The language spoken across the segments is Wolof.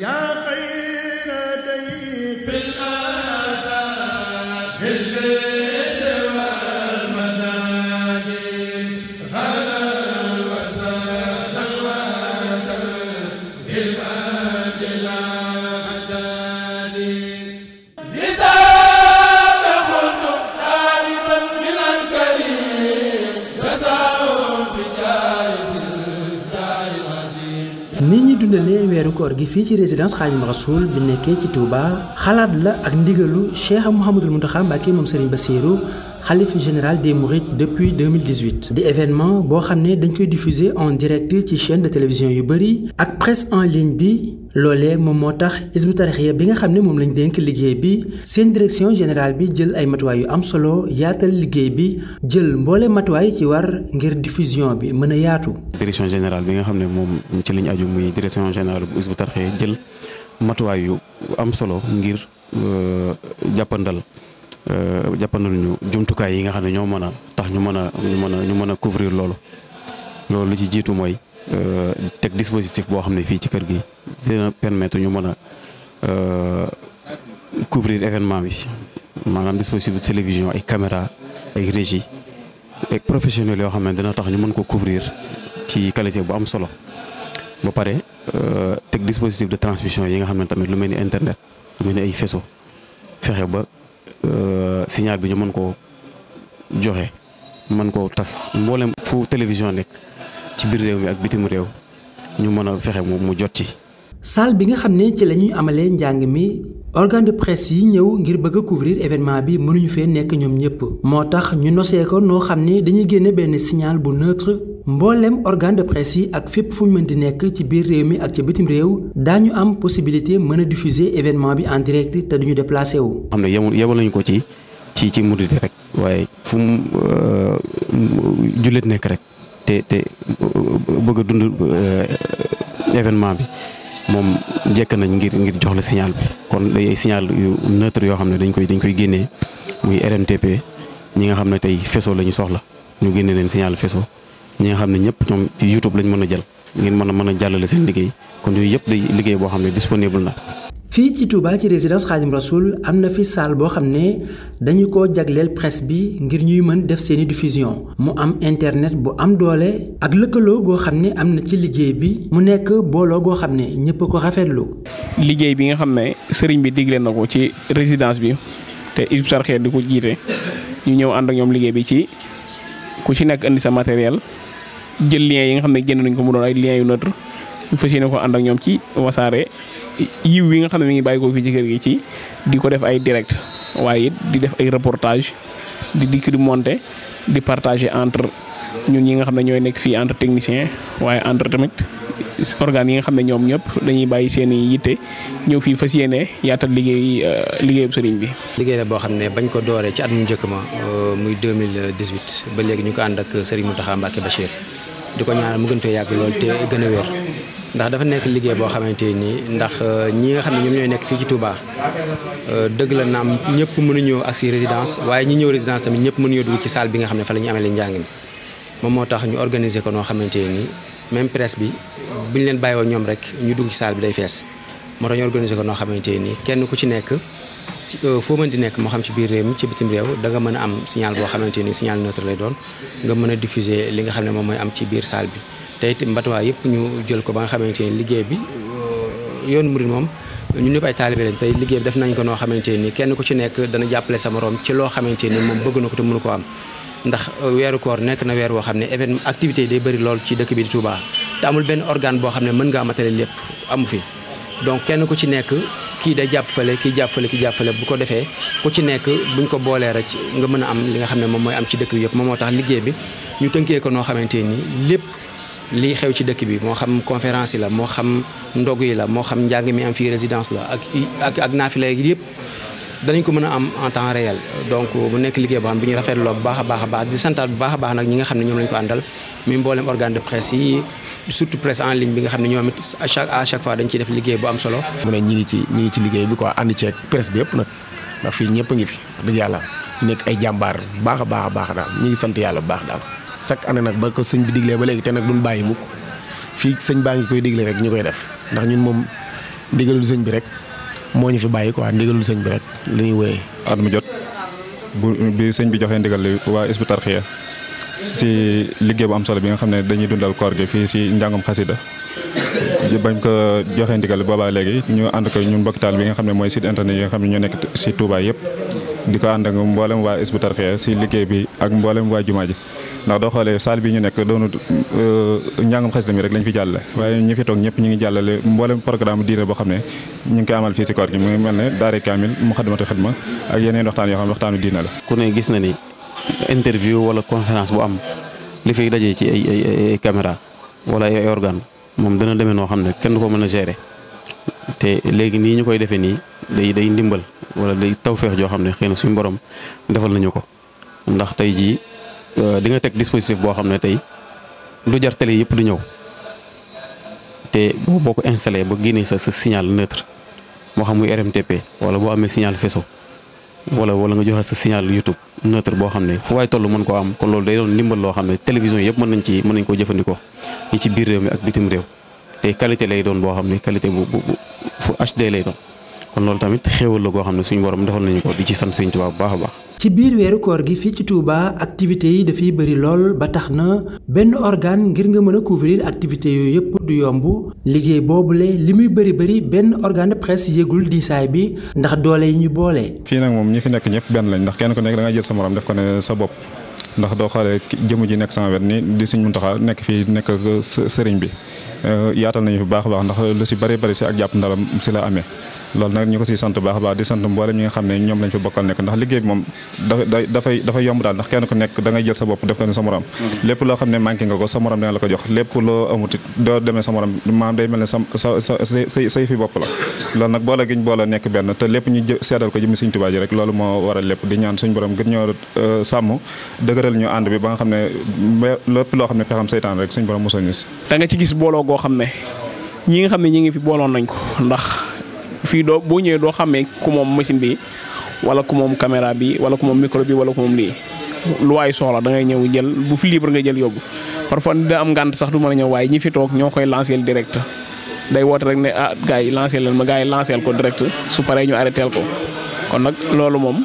yaa ni ñuy dundale weeru koor gi fii ci résidence Xaadim Rasoul bi nekkee ci Touba xalaat la ak ndigalu Cheikh Mouhamadul Mountakha ki moom Serigne Bassirou xalif général de Mourides depuis 2018 di événement boo xam ne dañ koy diffuser en direct ci chaîne de télévision yu bëri ak presse en ligne bi loolee moom moo tax Hizbut Tarqiyyah bi nga xam ne moom lañ denk liggéey bi seen direction général bi jël ay matuwaay yu am solo yaatal liggéey bi jël mboole matuwaay ci war ngir diffusion bi mën a yaatu. direction général bi nga xam ne moom ci liñ aju muy direction générale bu Hizbut Tarqiyyah jël matuwaay yu am solo ngir euh, jàppandal. Euh, jàppandal ñu jumtukaay yi nga xam ne ñoo mën a tax ñu mën a ñu mën a ñu mën a couvrir loolu loolu li ci jiitu mooy euh, teg dispositif boo xam ne fii ci kër gi dina permettre ñu mën a euh, couvrir événement bi maanaam dispositif de télévision ay caméra ay régie professionnel yoo xam ne dina tax ñu mën ko couvrir ci qualité bu am solo ba pare teg dispositif de transmission yi nga xam ne tamit lu mel ni internet lu mel ni ay faisceau fexe ba. Euh, signal bi ñu mën koo joxe mën koo tas mboolem fu télévision nekk ci biir réew mi ak bitim réew ñu mën a fexe mu jot ci. salle bi nga xam ne ci la ñuy amalee njàng mi organ de presse yi ñëw ngir bëgg a couvrir événement bi mënuñu fee nekk ñoom ñëpp moo tax ñu nosee ko noo xam ne dañuy génne benn signal bu neutre mboolem organ de presse yi ak fépp fu ñu mën di nekk ci biir réew mi ak ci bitim réew daañu am possibilité mën a diffuser événement bi en direct te duñu déplacé wu. xam ne yemul yemul nañu ko ci ci ci murid rek waaye fu mu euh, nekk rek te te bëgg a dund euh, événement bi. moom njëkk nañ ngir ngir jox la signal bi kon ay signal yu neutre yoo xam ne dañ koy dañ koy génnee muy RNTP ñi nga xam ne tey faisceau la ñu soxla ñu génne leen signal faisceau ñi nga xam ne ñëpp ñoom ci YouTube lañ mën a jël ngeen mën a mën a jàllale seen liggéey kon yooyu yëpp day liggéey boo xam ne disponible na. fii ci Touba ci résidence Khadim Rasoul am na fi salle boo xam ne dañu ko jagleel presse bi ngir ñuy mën def seeni diffusion mu am internet bu am doole ak lëkkaloo goo xam ne am na ci liggéey bi mu nekk booloo goo xam ne ñëpp ko ko rafetlu. liggéey bi nga xam ne sëriñ bi digle na ko ci résidence bi te Hizbut Tarqiyyah di ko jiite ñu ñëw ànd ak ñoom liggéey bi ci ku ci nekk indi sa matériel jël lien yi nga xam ne génn nañ ko mu doon ay lien yu neutre fas yéene ko ànd ak ñoom ci wasaare yiw wi nga xam ne mi ngi bàyyi ko fii ci kër gi ci di ko def ay direct waaye it di def ay reportage di di di monter di partager entre ñun ñi nga xam ne ñooy nekk fii entre technicien waaye entre tamit organes yi nga xam ne ñoom ñëpp dañuy bàyyi seen i yitte ñëw fii fas yéene yaatal liggéey euh, liggéeyub sëriñ bi. liggéey la boo xam ne bañ ko dooree ci at mu njëkk ma euh, muy 2018 ba léegi ñu ko ànd ak sëriñ Mountakha di ko ñaanal mu gën fee yàgg lool te gën a wér. ndax dafa nekk liggéey boo xamante nii ndax euh, ñi nga xam ne ñoom ñooy nekk fii ci Touba euh, dëgg la naam ñëpp mënuñoo ak si résidence waaye ñi ñëw résidence tamit ñëpp mënuñoo dugg ci salle bi nga xam ne fa la ñu amee lañ njàng mi moo tax ñu organiser ko noo xamante nii même presse bi bu ñu leen bàyyi woon ñoom rek ñu dugg ci salle bi day fees moo tax ñu organiser ko noo xamante nii kenn ku ci nekk euh, foo mën di nekk moo xam ci biir réew mi ci bitim réew danga nga mën a am signal boo xamante ni signal neutre lay doon nga mën a diffuser li nga xam ne moom mooy am ci biir salle bi te it mbatuwaay yëpp ñu jël ko ba nga xamante ni liggéey bi euh, yoonu murid moom ñu ñëpp ay taalibe lañ tey liggéey bi def nañ ko noo xamante nii kenn ku ci nekk dana jàppale sa morom ci loo xamante ni moom bëgg te mënu ko am ndax euh, weeru koor nekk na weer woo xam ne événement activité day bëri lool ci dëkk bi di Touba te amul benn organe boo xam ne mën ngaa lépp amu fi donc kenn ku ci nekk kii day jàpp fale kii jàpp fale kii bu ko defee ku ci nekk buñ ko boolee rek nga mën a am li nga xam ne moom mooy am ci dëkk yëpp moom moo tax liggéey bi ñu tënkee ko noo xamante ni lépp lii xew ci dëkk bi moo xam conférence yi la moo xam ndog yi la moo xam njàng mi am fii résidence la ak ak ak naafila yëpp danañ ko mën a am en temps réel donc mu nekk liggéey boo xam bu ñu rafetloo bu baax a a baax di bu baax a baax nga xam ne ñoom ko àndal muy mboolem organe de presse yi nga xam ne ñoom it à chaque à dañ ciy def liggéey bu am solo. mu ne ñi ngi ci ngi ci liggéey bi ko ànd ceeg presse bi yëpp ndax fii ñëpp a ngi fi dëgg yàlla nekk ay jàmbaar baax a baax a baax daal ñi ngi sant yàlla bu baax daal chaque année nag ba ko sëñ bi diglee ba léegi te nag duñ bàyyi mukk fii sëñ baa ngi koy digle rek ñu koy def ndax ñun moom ndigalul sëñ bi rek moo ñu fi bàyyi quoi ndigalul sëñ bi rek li ñuy wéyee. at mu jot bu bi sëñ bi joxee ndigal li waa Hizbut Tarqiyyah si liggéey bu solo bi nga xam ne dañuy dundal koor fii si njàngum xasida bañ ko joxee ndigal boobaa léegi ñu ànd ko ñun mbokk taal bi nga xam ne mooy site internet yi nga xam ne ñoo nekk si Touba yëpp di ko ànd ak mboolem waa Hizbut Tarqiyyah si liggéey bi ak mboolem waa jumaa ji ndax doo xoolee salle bi ñu nekk doonut euh, njàngum xasida mi rek lañ fi jàllale waaye ñi fi toog ñëpp ñu ngi jàllale mboolem programme diine boo xam ne ñu ngi koy amal fii si koor gi mu ngi mel ne daare kaamil muxadamatu xidma ak yeneen waxtaan yoo xam ne waxtaanu diine la ku ne gis na ni interview wala conférence bu am li fi dajee ci ay ay ay caméra wala ay organe moom dana demee noo xam ne kenn ko mën a gérer te léegi nii ñu koy defee nii day day ndimbal wala day tawféex joo xam ne xëy na suñu borom defal nañu ko Euh, di nga teg dispositif boo xam ne tey lu jar télé yëpp du ñëw te boo ko installé ba génnee sa sa signal neutre moo xam muy RMTP wala boo amee signal faisceau wala wala nga joxe sa signal YouTube neutre boo xam ne fu waay toll mën ko am kon loolu day doon ndimbal loo xam ne télévision yëpp mën nañ ci mën nañ koo jëfandikoo yi ci biir réew mi ak bitim réew te qualité lay doon boo xam ne qualité bu bu fu HD lay doon kon loolu tamit xéewal la goo xam ne suñu borom defal nañu ko di ci sant Sëñ Tuubaa bu baax a baax. ci biir weeru koor gi fii ci Touba activités yi dafay bëri lool ba tax na benn organe ngir nga mën a couvrir activités yooyu yëpp du yomb liggéey boobule li muy bëri bëri benn organe de presse yëgul diisaay bi ndax doole yi ñu boole. fii nag moom ñi fi nekk ñëpp benn lañ ndax kenn ku nekk da nga jël sa morom def ko ne sa bopp ndax doo xoolee jëmu ji nekk sama wet ni di Sëriñ Muntaxa nekk fii nekk sëriñ bi euh, yaatal nañu fi baax a baax ndax lu si bëri bëri si ak jàpp ndalam si la amee. loolu nag ñu ko baax a baax di sant mboolem ñi nga xam ne ñoom lañ fa bokkal nekk ndax liggéey bi moom da dafay dafay yomb daal ndax kenn ku nekk da ngay mm-hmm. loo xam ne manqué nga ko sa morom dina la ko loo amut doo demee sa morom mel ne sa sa say fi bopp la loolu nag boole giñ boole nekk benn te lépp ñu seedal ko jëmi Sëriñ Tuubaa ji rek loolu moo waral lépp di ñaan suñ borom gën ñoo euh, sàmm dëgëral ñu ànd bi ba nga xam ne lépp loo xam ne pexam seytaan rek suñu borom mosal ñu si da nga ci gis booloo goo xam ne ñi nga xam ne ñi ngi fi booloon nañ ko ndax fii doo boo ñëwee doo xàmmee ku moom machine bi wala ku moom caméra bi wala ku moom micro bi wala ku moom lii lu waay soxla da ngay ñëw jël bu fi libre nga jël yóbbu parfois da am ngànt sax du a ñëw waaye ñi fi toog ñoo koy lancé direct day woote rek ne ah gars yi lancé leen ma gars yi lancé ko direct su paree ñu arrêté ko kon nag loolu moom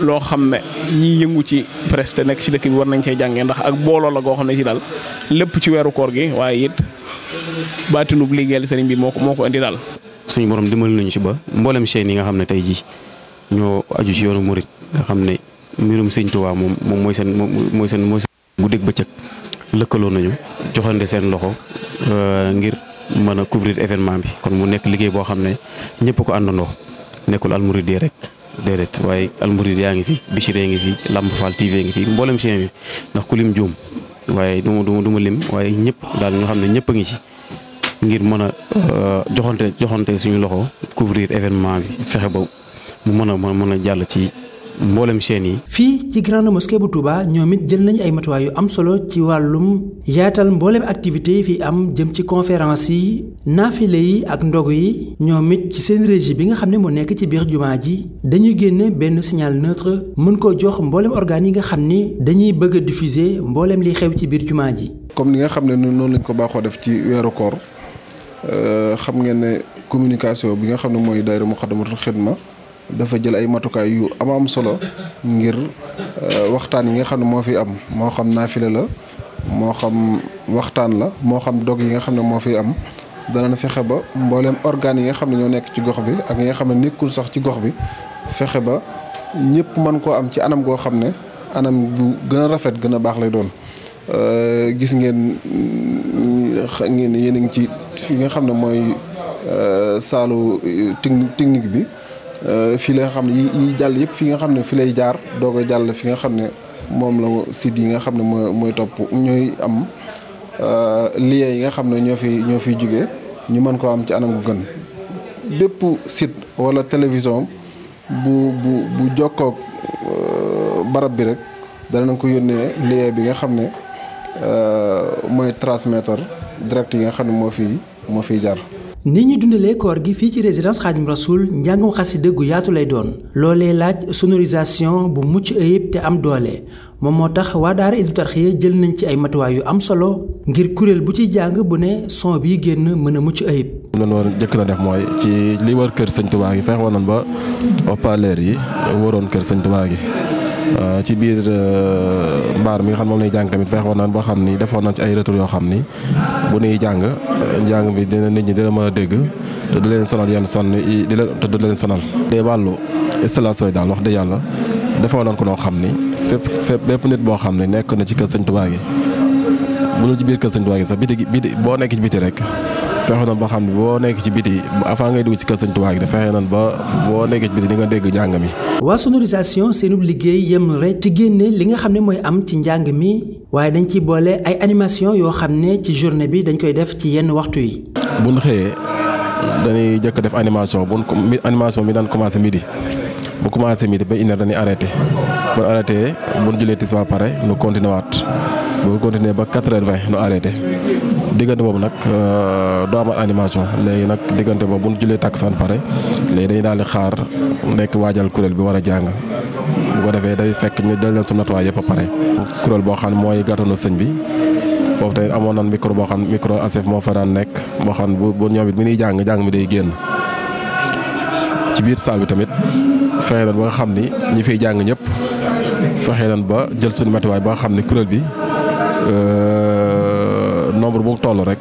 loo xam ne ñiy yëngu ci presse te nekk ci bi war nañ cee jàngee ndax ak booloo la goo xam ne ci daal lépp ci weeru koor gi waaye it baatinub liggéeyal sëriñ bi moo ko moo ko indi daal. suñu borom dimbali nañu ci ba mboolem chaîne yi nga xam ne tey jii ñoo aju ci yoonu murit nga xam ne mbirum sëñ Tuubaa moom moom mooy seen mooy seen mooy seen guddeeg bëccëg lëkkaloo nañu joxande seen loxo euh, ngir mën a couvrir événement bi kon mu nekk liggéey boo xam ne ñëpp ko àndandoo nekkul almurid yi rek déedéet waaye almurid yaa ngi fi Bichri ngi fi Lamp Fall TV ngi fi mboolem chaîne yi ndax ku lim juum waaye du ma du ma lim waaye ñëpp daal nga xam ne ñëpp a ngi ci. ngir mën a euh, joxante joxante suñu loxo couvrir événement bi fexe ba mu mën a mën a jàll ci mboolem seen yi. fii ci grande mosquée bu Touba ñoom it jël nañu ay matuwaay yu am solo ci wàllum yaatal mboolem activité fii am jëm ci conférence yi naafile yi ak ndog yi ñoom it ci seen régie bi nga xam ne moo nekk ci biir jumaa ji dañuy génne benn signal neutre mën koo jox mboolem organes yi nga xam ni dañuy bëgg a diffuser mboolem liy xew ci biir jumaa ji. comme ni nga xam ne noonu lañ ko baaxoo def ci weeru Euh, xam ngeen ne communication bi nga xam ne mooy daayira Muqaddamatul Xidma dafa jël ay matukaay yu am am solo ngir euh, waxtaan yi nga xam ne moo fi am moo xam naafile la moo xam waxtaan la moo xam dog yi nga xam ne moo fi am danañ fexe ba mbooleem organes yi nga xam ne ñoo nekk ci gox bi ak yi nga xam ne nekkul sax ci gox bi fexe ba ñëpp mën koo am ci anam goo xam ne anam bu gën a rafet gën a baax lay doon euh, gis ngeen ngeen yéen a ngi ci yi nga xam ne mooy euh, saalu euh, technique bi euh, fii la xam ne yi jàll yëpp fii nga xam ne fii lay jaar doog a jàll fi nga xam ne moom la site yi nga xam ne mooy mooy topp ñooy am liens yi nga xam ne ñoo fi ñoo fiy jugee ñu mën koo am ci anam gu gën bépp site wala télévision bu bu bu jokkoog barab bi rek danañ ko yónnee lien bi nga xam ne mooy transmettre direct yi nga xam ne moo fii moo fi jar. nit ñi dundalee koor gi fii ci résidence Xaadim Rasoul njàngum xasida gu yaatu lay doon loolee laaj sonorisation bu mucc ayib te am doole moom moo tax waa daara Hizbut Tarqiyyah jël nañ ci ay matuwaay yu am solo ngir kuréel bu ci jàng bu ne son bi génn mën a mucc ayib. li ñu jëkk na def mooy ci li war kër sëñ Tuubaa gi fexe woon nañ ba haut yi waroon kër sëñ Tuubaa gi. Euh, ci biir euh, mbaar mi nga xam moom lay jàng tamit fexoon nañ boo xam ni defoon nañ ci ay retour yoo xam ni bu nuy jàng euh, jàng bi dina nit ñi dina mën a dégg te du leen sonal yenn sonn yi di leen te du leen sonal. te wàllu installation yi daal wax dëgg yàlla defoon nañ ko noo xam ni fépp fépp bépp nit boo xam ni nekk na ci kër Sëñ Tuubaa gi bu dul ci biir kër Sëñ Tuubaa gi sax biti biti boo nekk ci biti rek. fexe na ba xam ne boo nekk ci biti avant ngay dugg ci kër Sëñ Tuubaa gi fexe nan ba boo nekk ci biti di nga dégg njàng mi. waa sonorisation seenub liggéey yem rek ci génne li nga xam ne mooy am ci njàng mi waaye dañ ci boole ay animation yoo xam ne ci journée bi dañ koy def ci yenn waxtu yi. bu nu xëyee dañuy jëkk def animation bu mi animation mi daan commencé midi bu commencé midi ba une heure dañuy arrêté bu arrêté bu ñu jullee tis ba pare nu continué waat bu ba 4h20 nu arrêté. diggante boobu nag euh, doo amal animation léegi nag diggante boobu bu ñu jullee takkusaan pare léegi dañuy daal di xaar nekk waajal kuréel bi war a jàng bu ko defee day fekk ñu dañ leen natuwaay yëpp pare. kuréel boo xam ne mooy gàttanu sëñ bi foofu tamit amoon nan micro boo xam micro ACF moo fa nekk boo xam bu bu ñoom mi ñuy jàng jàng mi day biir salle bi tamit fexe nañ ba xam ni ñi fiy jàng ñëpp fexe nañ ba jël suñu matuwaay ba xam ni kuréel bi. Euh, nombre bu toll rek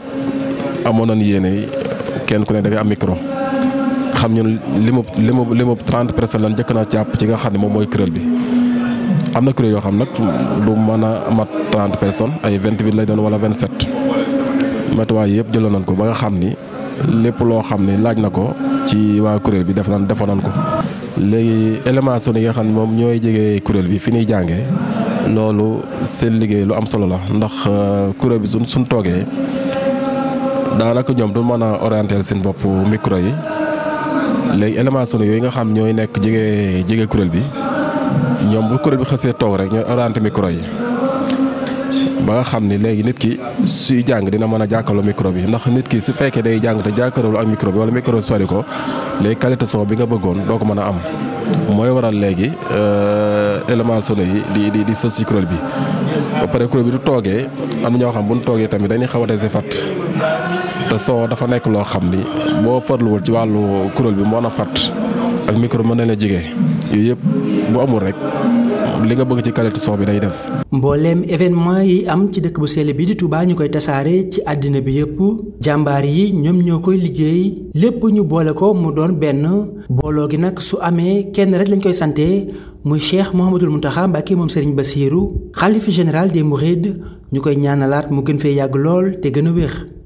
amoon na nañu yéene kenn ku ne da am micro xam ñun limu limu limu trente personnes lan njëkk naa jàpp ci nga xam ne moom mooy kuréel bi. am na kuréel yoo xam nag du mën a mat trente personnes ay vingt lay doon wala vingt sept matuwaay yëpp jëloon nañ ko ba nga xam ni lépp loo xam ne laaj na ko ci waa kuréel bi def nañ defoon nañ ko. léegi éléments yi nga xam ne moom ñooy jege kuréel bi fi ñuy jàngee. loolu seen liggéey lu am solo la ndax euh, kuréel bi suñ suñ toogee daanaka ñoom du mën a orienter seen bopp micro yi léegi éléments sunu yooyu nga xam ñooy nekk jege jege kuréel bi ñoom bu kuréel bi xasee toog rek ñooy orienter micro yi ba nga xam ni léegi nit ki suy jàng dina mën a jàkkaarloo micro bi ndax nit ki su fekkee day jàng te jàkkaarloo ak micro bi wala micro bi sori ko léegi qualité son bi nga bëggoon doo ko mën a am. mooy waral léegi euh, élément sono yi di di di sës ci kuréel bi ba pare kuréel bi du toogee am ñoo xam bu ñu toogee tamit dañuy xaw a dese fàtt te son dafa nekk loo xam ni boo farluwul ci wàllu kuréel bi moo na fàtt ak micro mën na la jege yooyu yëpp bu amul rek. li nga bëgg ci qualité son bi day des. mbooleem événement yi am ci dëkk bu sell bi di tubaa ñu koy tasaare ci àddina bi yëpp jàmbaar yi ñoom ñoo koy liggéey lépp ñu boole ko mu doon benn booloo gi nag su amee kenn rek lañ koy sante muy Cheikh Mouhamadul Mountakha Mbacké moom Serigne Bassirou xalifa général des Mourides ñu koy ñaanalaat mu gën fee yàgg lool te gën a wér.